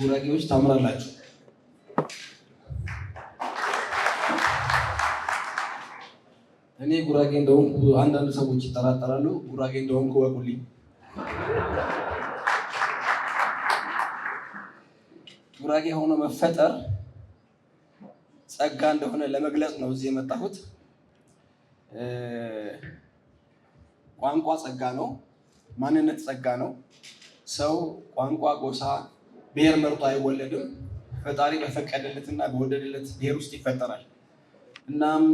ጉራጌዎች ታምራላችሁ። እኔ ጉራጌ እንደሆንኩ አንዳንድ ሰዎች ይጠራጠራሉ። ጉራጌ እንደሆንኩ ወቁልኝ። ጉራጌ ሆኖ መፈጠር ጸጋ እንደሆነ ለመግለጽ ነው እዚህ የመጣሁት። ቋንቋ ጸጋ ነው። ማንነት ጸጋ ነው። ሰው ቋንቋ፣ ጎሳ ብሔር መርጦ አይወለድም። ፈጣሪ እና በወደደለት ብሔር ውስጥ ይፈጠራል። እናም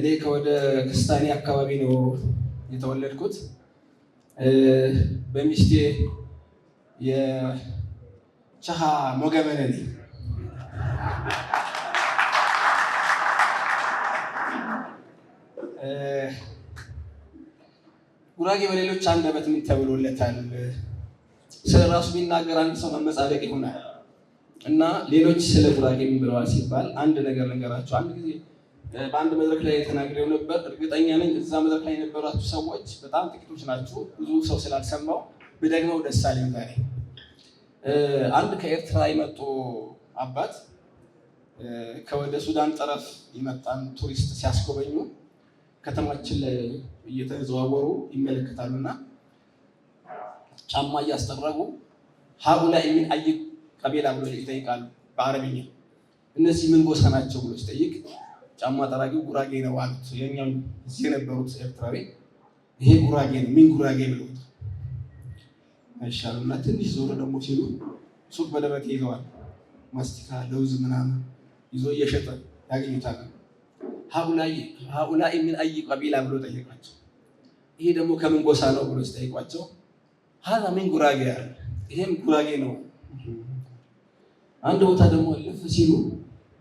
እኔ ከወደ ክስታኔ አካባቢ ነው የተወለድኩት። በሚስቴ የቻሃ ሞገመነኔ ጉራጌ በሌሎች አንደበት ምን ተብሎለታል? ስለ ራሱ ቢናገር አንድ ሰው መመጻደቅ ይሆናል። እና ሌሎች ስለ ጉራጌ ምን ብለዋል ሲባል አንድ ነገር ልንገራቸው። አንድ ጊዜ በአንድ መድረክ ላይ ተናግሬው ነበር። እርግጠኛ ነኝ እዛ መድረክ ላይ የነበራችሁ ሰዎች በጣም ጥቂቶች ናችሁ። ብዙ ሰው ስላልሰማው ብደግመው ደስ አለኝ ዛሬ። አንድ ከኤርትራ የመጡ አባት ከወደ ሱዳን ጠረፍ የመጣን ቱሪስት ሲያስጎበኙ ከተማችን ላይ እየተዘዋወሩ ይመለከታሉና ጫማ እያስጠረጉ ሀቡላ የሚን አይ ቀቢላ ብሎ ይጠይቃሉ በአረብኛ። እነዚህ ምን ጎሳ ናቸው ብሎ ሲጠይቅ ጫማ ጠራጊው ጉራጌ ነው አሉት። የኛው እዚህ የነበሩት ኤርትራዊ ይሄ ጉራጌ ነው ምን ጉራጌ ብሎ አይሻሉና ትንሽ ዞር ደግሞ ሲሉ ሱቅ በደረቴ ይዘዋል። ማስቲካ፣ ለውዝ ምናምን ይዞ እየሸጠ ያገኙታል። ሀኡላ ምን አይ ቀቢላ ብሎ ጠየቋቸው። ይሄ ደግሞ ከምን ጎሳ ነው ብሎ ሲጠይቋቸው ሀዛ ምን ጉራጌ ያለ ይሄም ጉራጌ ነው። አንድ ቦታ ደግሞ ልፍ ሲሉ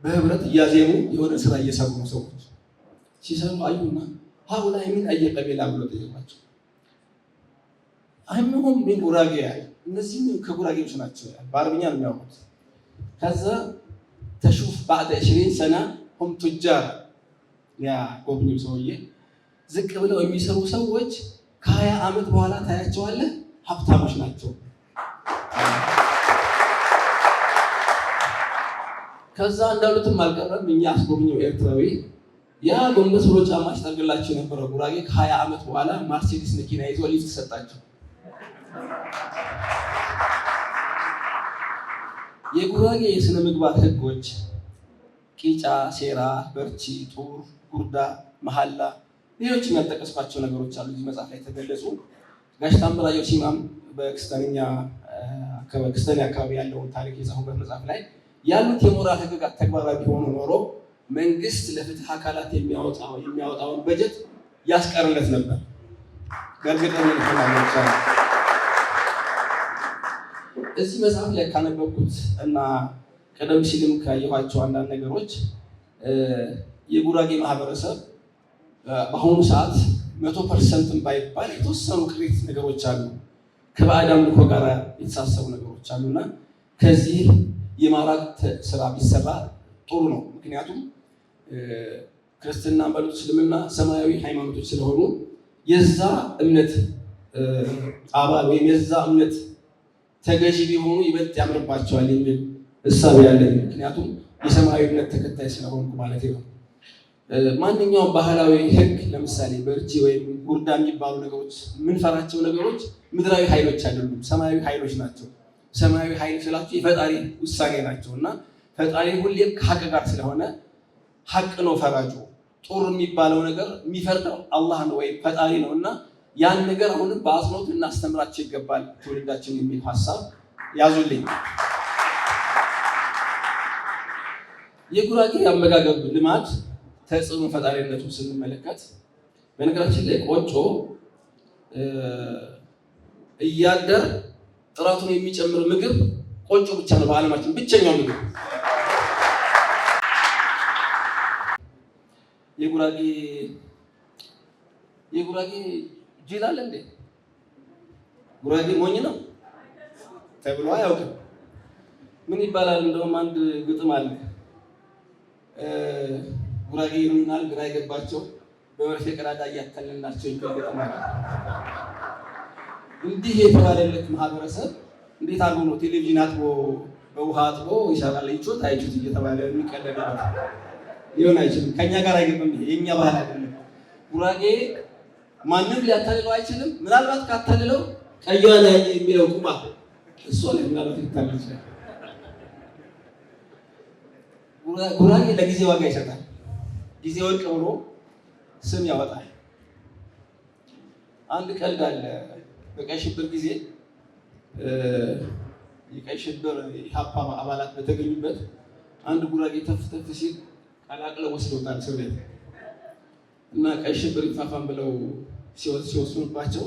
በህብረት እያዜሙ የሆነ ስራ እየሰሩ ነው። ሰዎች ሲሰሩ አዩና ሀውላ ምን አየቀቤላ ብሎ ጠየቋቸው። አይምሆም ምን ጉራጌ ያለ እነዚህ ከጉራጌዎች ናቸው በአረብኛ ነው የሚያውቁት። ከዛ ተሹፍ ባዕደ ዕሽሪን ሰና ሁም ቱጃር ያ ጎብኚው ሰውዬ ዝቅ ብለው የሚሰሩ ሰዎች ከሀያ ዓመት በኋላ ታያቸዋለህ ሀብታሞች ናቸው። ከዛ እንዳሉትም አልቀረም። እኛ አስጎብኘው ኤርትራዊ ያ ጎንበስ ብሎ ጫማ ሲጠርግላቸው የነበረ ጉራጌ ከሀያ ዓመት በኋላ ማርሴዲስ መኪና ይዞ ሊፍት ሰጣቸው። የጉራጌ የስነ ምግባር ህጎች ቂጫ፣ ሴራ፣ በርቺ፣ ጡር፣ ጉርዳ፣ መሐላ፣ ሌሎች ያልጠቀስኳቸው ነገሮች አሉ እዚህ መጽሐፍ ላይ ተገለጹ። ጋሽ ታምራየሁ ሲማም በክስተኛ ክስተኛ አካባቢ ያለውን ታሪክ የጻፉበት መጽሐፍ ላይ ያሉት የሞራል ህግጋት ተግባራዊ ቢሆኑ ኖሮ መንግስት ለፍትህ አካላት የሚያወጣውን በጀት ያስቀርለት ነበር። በእርግጠኝነት እዚህ መጽሐፍ ላይ ካነበብኩት እና ቀደም ሲልም ካየኋቸው አንዳንድ ነገሮች የጉራጌ ማህበረሰብ በአሁኑ ሰዓት መቶ ፐርሰንትም ባይባል የተወሰኑ ቅሬት ነገሮች አሉ። ከባዕድ አምልኮ ጋር የተሳሰቡ ነገሮች አሉና ከዚህ የማራቅ ስራ ቢሰራ ጥሩ ነው። ምክንያቱም ክርስትና በሉት እስልምና ሰማያዊ ሃይማኖቶች ስለሆኑ የዛ እምነት አባል ወይም የዛ እምነት ተገዢ ቢሆኑ ይበልጥ ያምርባቸዋል የሚል እሳቤ ያለኝ ምክንያቱም የሰማያዊ እምነት ተከታይ ስለሆንኩ ማለት ነው። ማንኛውም ባህላዊ ህግ ለምሳሌ በእርጂ ወይም ጉርዳ የሚባሉ ነገሮች የምንፈራቸው ነገሮች ምድራዊ ኃይሎች አይደሉም፣ ሰማያዊ ኃይሎች ናቸው። ሰማያዊ ኃይል ስላቸው የፈጣሪ ውሳኔ ናቸው እና ፈጣሪ ሁሌም ከሀቅ ጋር ስለሆነ ሀቅ ነው ፈራጁ። ጦር የሚባለው ነገር የሚፈርደው አላህ ነው ወይም ፈጣሪ ነው እና ያን ነገር አሁንም በአጽንኦት እናስተምራቸው ይገባል ትውልዳችን የሚል ሀሳብ ያዙልኝ። የጉራጌ አመጋገብ ልማድ ተጽዕኖ ፈጣሪነቱ ስንመለከት በነገራችን ላይ ቆጮ እያደር ጥራቱን የሚጨምር ምግብ ቆጮ ብቻ ነው። በዓለማችን ብቸኛው ምግብ የጉራጌ የጉራጌ ጅል አለ እንዴ? ጉራጌ ሞኝ ነው ተብሎ አያውቅም። ምን ይባላል? እንደውም አንድ ግጥም አለ ጉራጌ ይሉናል፣ ግራ የገባቸው በመርፌ ቀዳዳ እያከልናቸው ይገለጥናል። እንዲህ የተባለለት ማህበረሰብ እንዴት አሉ ነው ቴሌቪዥን አጥቦ በውሃ አጥቦ ይሻላል ይቾት አይቾት እየተባለ የሚቀለድበት ሊሆን አይችልም። ከእኛ ጋር አይገባም። ይሄ የእኛ ባህል አይደለም። ጉራጌ ማንም ሊያታልለው አይችልም። ምናልባት ካታልለው ቀይዋን ያየ የሚለው ቁማ እሱ ላይ ምናልባት ሊታልል ይችላል። ጉራጌ ለጊዜ ዋጋ ይሰጣል። ጊዜ ወርቅ ብሎ ስም ያወጣል። አንድ ቀልድ አለ። በቀይ ሽብር ጊዜ የቀይ ሽብር ኢህአፓ አባላት በተገኙበት አንድ ጉራጌ ተፍ ተፍ ሲል ቀላቅለው ወስዶታል ሰው ቤት እና ቀይ ሽብር ይፋፋም ብለው ሲወስኑባቸው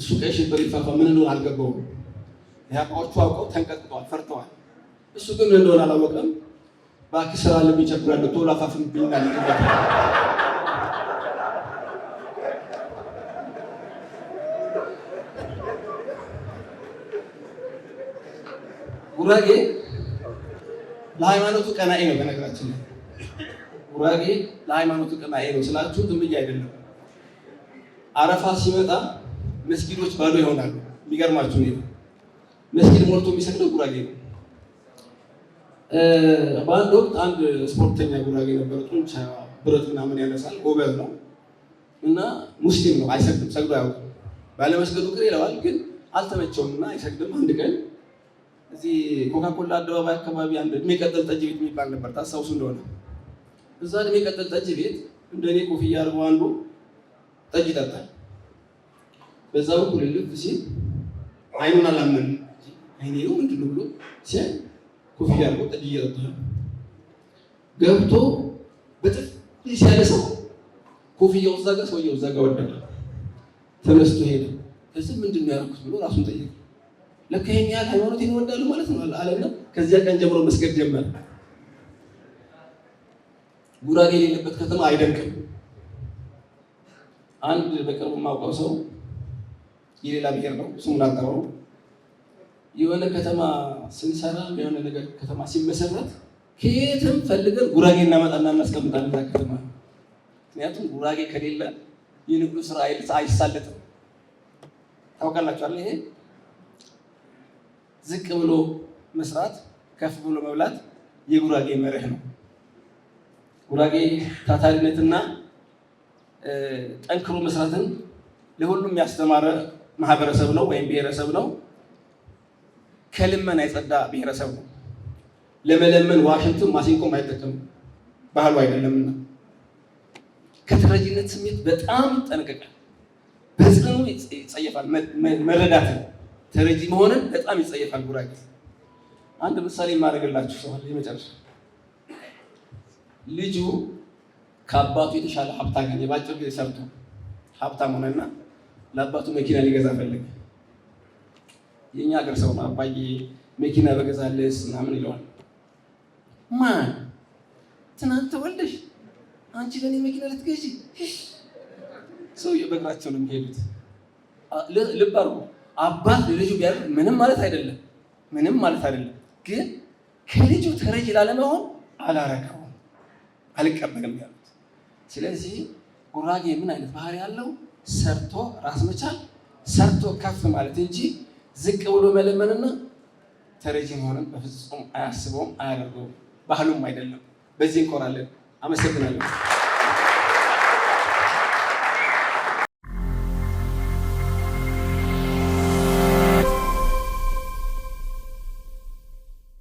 እሱ ቀይ ሽብር ይፋፋ ምን እንደሆነ አልገባውም። ኢህአፓዎቹ አውቀው ተንቀጥቅጠዋል፣ ፈርተዋል። እሱ ግን ምን እንደሆነ አላወቀም። እባክህ ስራ አለም ይቸግራለሁ ቶሎ አፋፍንብኝና ልቅበት ጉራጌ ለሃይማኖቱ ቀናኤ ነው። በነገራችን ላይ ጉራጌ ለሃይማኖቱ ቀናኤ ነው ስላችሁ ዝም አይደለም። አረፋ ሲመጣ መስጊዶች ባዶ ይሆናሉ። የሚገርማችሁ ነው መስጊድ ሞልቶ የሚሰግደው ጉራጌ ነው። በአንድ ወቅት አንድ ስፖርተኛ ጉራጌ የነበረ ጡንቻ ብረት ምናምን ያነሳል፣ ጎበዝ ነው እና ሙስሊም ነው፣ አይሰግድም፣ ሰግዶ አያውቅም። ባለመስገዱ ቅር ይለዋል፣ ግን አልተመቸውም እና አይሰግድም። አንድ ቀን እዚህ ኮካኮላ አደባባይ አካባቢ አንድ እድሜ ቀጠል ጠጅ ቤት የሚባል ነበር፣ ታስታውሱ እንደሆነ እዛ እድሜ ቀጠል ጠጅ ቤት እንደ እኔ ኮፍያ አድርጎ አንዱ ጠጅ ይጠጣል። በዛ በኩል ልብ ሲል አይኑን አላመንም። አይኔ ምንድን ነው ብሎ ሲል ኮፍያ አድርጎ ጠጅ እየጠጣ ገብቶ በጥፍ ሲያለሰው ኮፍያው እዛ ጋ ሰውየው እዛ ጋ ወደቀ። ተነስቶ ሄደ። እዚህ ምንድን ነው ብሎ ራሱን ጠየቀ። ለካ ይሄን ያህል ማለት ነው አለና ከዚያ ቀን ጀምሮ መስገድ ጀመረ። ጉራጌ የሌለበት ከተማ አይደምቅም። አንድ በቅርቡ ማውቀው ሰው የሌላ ብሔር ነው፣ ስሙን አልጠራውም የሆነ ከተማ ስንሰራ የሆነ ነገር ከተማ ሲመሰረት ከየትም ፈልገን ጉራጌ እናመጣና እናስቀምጣለን እዛ ከተማ። ምክንያቱም ጉራጌ ከሌለ የንግዱ ስራ አይሳለጥም። ታውቃላችኋል። ይሄ ዝቅ ብሎ መስራት ከፍ ብሎ መብላት የጉራጌ መርህ ነው። ጉራጌ ታታሪነትና ጠንክሮ መስራትን ለሁሉም ያስተማረ ማህበረሰብ ነው ወይም ብሔረሰብ ነው። ከልመና የጸዳ ብሔረሰብ ነው። ለመለመን ዋሽንትም ማሲንቆም አይጠቀምም፣ ባህሉ አይደለምና። ከተረጂነት ስሜት በጣም ይጠነቀቃል፣ በጽኑ ይጸየፋል። መረዳት ተረጂ መሆንን በጣም ይጸየፋል ጉራጌ። አንድ ምሳሌ የማደርግላችሁ ሰው የመጨረሻ ልጁ ከአባቱ የተሻለ ሀብት አገኘ። በአጭር ጊዜ ሰርቶ ሀብታም ሆነና ለአባቱ መኪና ሊገዛ ፈለገ። የእኛ ሀገር ሰው አባዬ መኪና በገዛልስ ምናምን ይለዋል። ማን ትናንት ተወልደሽ አንቺ ለእኔ መኪና ልትገዢ? ሰውዬው በእግራቸው ነው የሚሄዱት። ልብ አርጎ አባት ለልጁ ቢያደርግ ምንም ማለት አይደለም፣ ምንም ማለት አይደለም። ግን ከልጁ ተረጅ ላለመሆን አላረገውም፣ አልቀበልም ያሉት። ስለዚህ ጉራጌ ምን አይነት ባህሪ ያለው ሰርቶ ራስ መቻል ሰርቶ ከፍ ማለት እንጂ ዝቅ ብሎ መለመንና ተረጂ መሆንን በፍጹም አያስበውም፣ አያደርገውም። ባህሉም አይደለም። በዚህ እንኮራለን። አመሰግናለሁ።